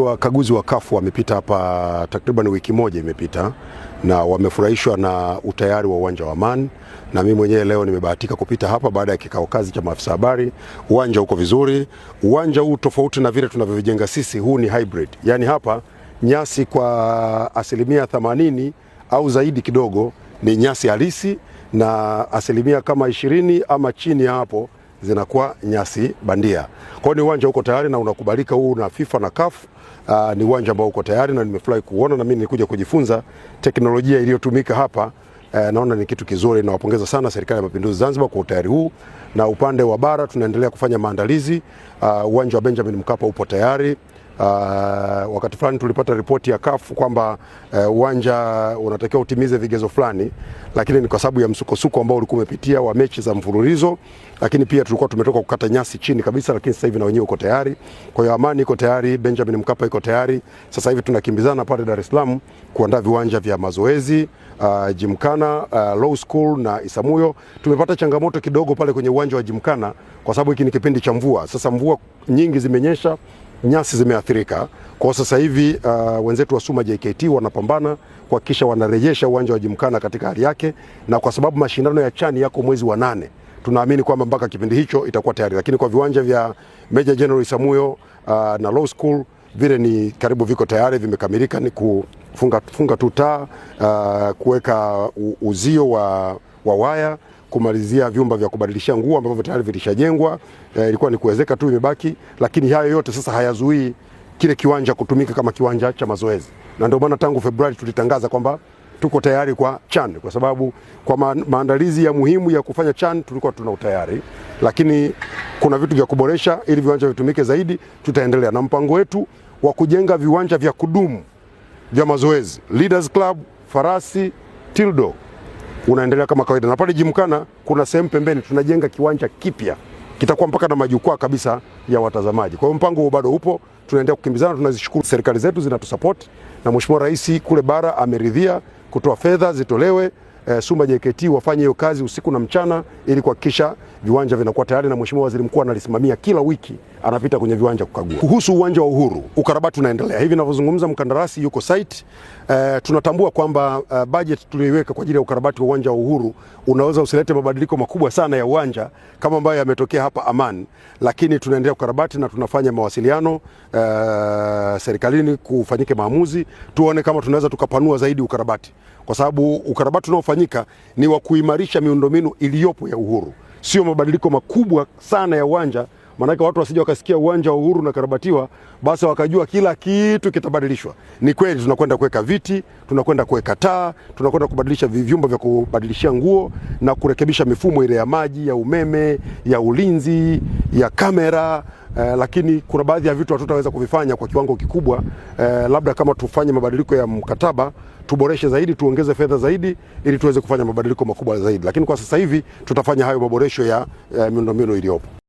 Wakaguzi wa kafu wamepita hapa takriban wiki moja imepita, na wamefurahishwa na utayari wa uwanja wa Amaan, na mimi mwenyewe leo nimebahatika kupita hapa baada ya kikao kazi cha maafisa habari. Uwanja uko vizuri. Uwanja huu tofauti na vile tunavyovijenga sisi, huu ni hybrid, yaani hapa nyasi kwa asilimia themanini au zaidi kidogo ni nyasi halisi na asilimia kama ishirini ama chini ya hapo zinakuwa nyasi bandia. Kwa hiyo ni uwanja uko tayari na unakubalika huu na FIFA na CAF. Uh, ni uwanja ambao uko tayari na nimefurahi kuona na mimi nilikuja kujifunza teknolojia iliyotumika hapa. Uh, naona ni kitu kizuri. Nawapongeza sana Serikali ya Mapinduzi Zanzibar kwa utayari huu, na upande wa bara tunaendelea kufanya maandalizi. Ah, uwanja wa Benjamin Mkapa upo tayari. Uh, wakati fulani tulipata ripoti ya kafu kwamba eh, uwanja uh, unatakiwa utimize vigezo fulani, lakini ni kwa sababu ya msukosuko ambao ulikuwa umepitia wa mechi za mfululizo, lakini pia tulikuwa tumetoka kukata nyasi chini kabisa, lakini sasa hivi na wenyewe uko tayari. Kwa hiyo Amani iko tayari, Benjamin Mkapa iko tayari. Sasa hivi tunakimbizana pale Dar es Salaam kuandaa viwanja vya mazoezi uh, ah, Jimkana uh, ah, Low School na Isamuyo. Tumepata changamoto kidogo pale kwenye uwanja wa Jimkana kwa sababu hiki ni kipindi cha mvua. Sasa mvua nyingi zimenyesha nyasi zimeathirika. Kwa sasa hivi uh, wenzetu wa SUMA JKT wanapambana kuhakikisha wanarejesha uwanja wa jimkana katika hali yake, na kwa sababu mashindano ya chani yako mwezi wa nane tunaamini kwamba mpaka kipindi hicho itakuwa tayari, lakini kwa viwanja vya Meja Jenerali Samuyo uh, na Law School vile ni karibu viko tayari vimekamilika, ni kufunga funga tu taa uh, kuweka uzio wa, wa waya kumalizia vyumba vya kubadilishia nguo ambavyo tayari vilishajengwa, eh, ilikuwa ni kuwezeka tu imebaki, lakini hayo yote sasa hayazuii kile kiwanja kutumika kama kiwanja cha mazoezi, na ndio maana tangu Februari tulitangaza kwamba tuko tayari kwa CHAN kwa sababu kwa maandalizi ya muhimu ya kufanya CHAN tulikuwa tuna utayari, lakini kuna vitu vya kuboresha ili viwanja vitumike zaidi. Tutaendelea na mpango wetu wa kujenga viwanja vya kudumu vya mazoezi Leaders Club, Farasi, Tildo unaendelea kama kawaida, na pale Jimkana kuna sehemu pembeni tunajenga kiwanja kipya kitakuwa mpaka na majukwaa kabisa ya watazamaji. Kwa hiyo mpango huo bado upo, tunaendelea kukimbizana. Tunazishukuru serikali zetu zinatusapoti, na Mheshimiwa Rais kule bara ameridhia kutoa fedha zitolewe e, SUMBA JKT wafanye hiyo kazi usiku na mchana ili kuhakikisha viwanja vinakuwa tayari, na Mheshimiwa Waziri Mkuu analisimamia kila wiki anapita kwenye viwanja kukagua. Kuhusu uwanja wa Uhuru, ukarabati unaendelea hivi ninavyozungumza, mkandarasi yuko site. Uh, tunatambua kwamba uh, budget tuliyoiweka kwa ajili ya ukarabati wa uwanja wa Uhuru unaweza usilete mabadiliko makubwa sana ya uwanja kama ambayo yametokea hapa Aman, lakini tunaendelea kukarabati na tunafanya mawasiliano uh, serikalini kufanyike maamuzi, tuone kama tunaweza tukapanua zaidi ukarabati, kwa sababu ukarabati unaofanyika ni wa kuimarisha miundombinu iliyopo ya Uhuru, sio mabadiliko makubwa sana ya uwanja maanake watu wasije wakasikia uwanja wa Uhuru unakarabatiwa basi wakajua kila kitu kitabadilishwa. Ni kweli, tunakwenda kuweka viti, tunakwenda kuweka taa, tunakwenda kubadilisha vyumba vya kubadilishia nguo na kurekebisha mifumo ile ya maji, ya umeme, ya ulinzi, ya kamera eh, lakini kuna baadhi ya vitu hatutaweza kuvifanya kwa kiwango kikubwa eh, labda kama tufanye mabadiliko ya mkataba tuboreshe zaidi, tuongeze fedha zaidi ili tuweze kufanya mabadiliko makubwa zaidi, lakini kwa sasa hivi tutafanya hayo maboresho ya, ya eh, miundombinu iliyopo.